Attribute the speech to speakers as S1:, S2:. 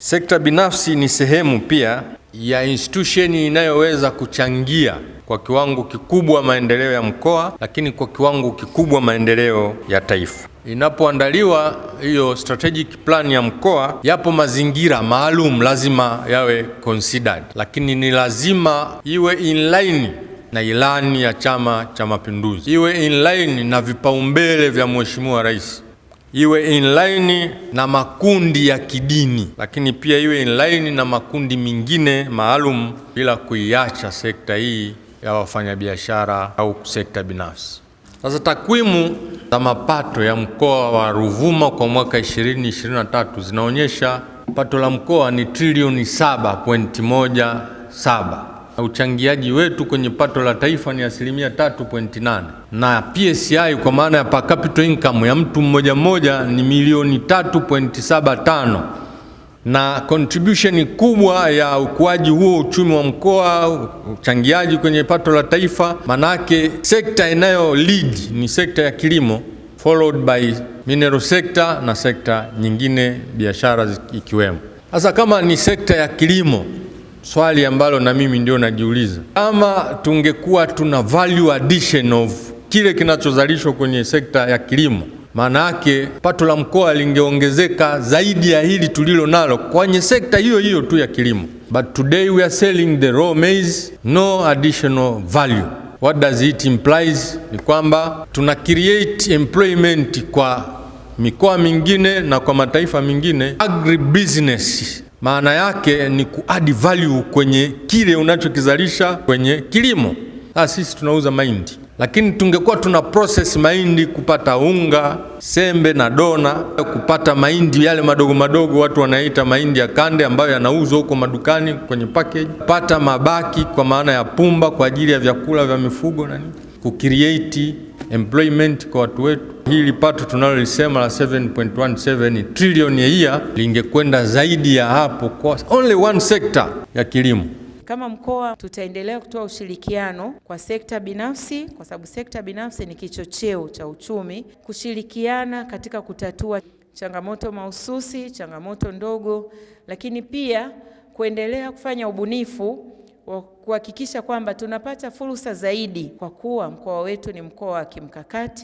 S1: Sekta binafsi ni sehemu pia ya institution inayoweza kuchangia kwa kiwango kikubwa maendeleo ya mkoa, lakini kwa kiwango kikubwa maendeleo ya taifa. Inapoandaliwa hiyo strategic plan ya mkoa, yapo mazingira maalum lazima yawe considered, lakini ni lazima iwe in line na ilani ya Chama cha Mapinduzi, iwe in line na vipaumbele vya Mheshimiwa Rais iwe in line na makundi ya kidini, lakini pia iwe in line na makundi mengine maalum, bila kuiacha sekta hii ya wafanyabiashara au sekta binafsi. Sasa takwimu za mapato ya mkoa wa Ruvuma kwa mwaka 2023 zinaonyesha pato la mkoa ni trilioni 7.17 uchangiaji wetu kwenye pato la taifa ni asilimia 3.8, na PCI kwa maana ya per capita income ya mtu mmoja mmoja ni milioni 3.75 na contribution kubwa ya ukuaji huo uchumi wa mkoa, uchangiaji kwenye pato la taifa, manake sekta inayo lead ni sekta ya kilimo followed by mineral sector na sekta nyingine biashara ikiwemo. Sasa kama ni sekta ya kilimo swali ambalo na mimi ndio najiuliza, kama tungekuwa tuna value addition of kile kinachozalishwa kwenye sekta ya kilimo, maana yake pato la mkoa lingeongezeka zaidi ya hili tulilo nalo kwenye sekta hiyo hiyo tu ya kilimo. But today we are selling the raw maize, no additional value. What does it implies? Ni kwamba tuna create employment kwa mikoa mingine na kwa mataifa mengine agribusiness maana yake ni kuadi value kwenye kile unachokizalisha kwenye kilimo. Sasa ah, sisi tunauza mahindi, lakini tungekuwa tuna process mahindi kupata unga, sembe na dona, kupata mahindi yale madogo madogo watu wanaita mahindi ya kande, ambayo yanauzwa huko madukani kwenye package, pata mabaki kwa maana ya pumba kwa ajili ya vyakula vya mifugo na nini kucreate employment kwa watu wetu. Hili pato tunalolisema la 7.17 trillion ya year lingekwenda zaidi ya hapo kwa only one sector ya kilimo.
S2: Kama mkoa tutaendelea kutoa ushirikiano kwa sekta binafsi, kwa sababu sekta binafsi ni kichocheo cha uchumi, kushirikiana katika kutatua changamoto mahususi, changamoto ndogo, lakini pia kuendelea kufanya ubunifu kuhakikisha kwamba tunapata fursa zaidi, kwa kuwa mkoa wetu ni mkoa wa kimkakati.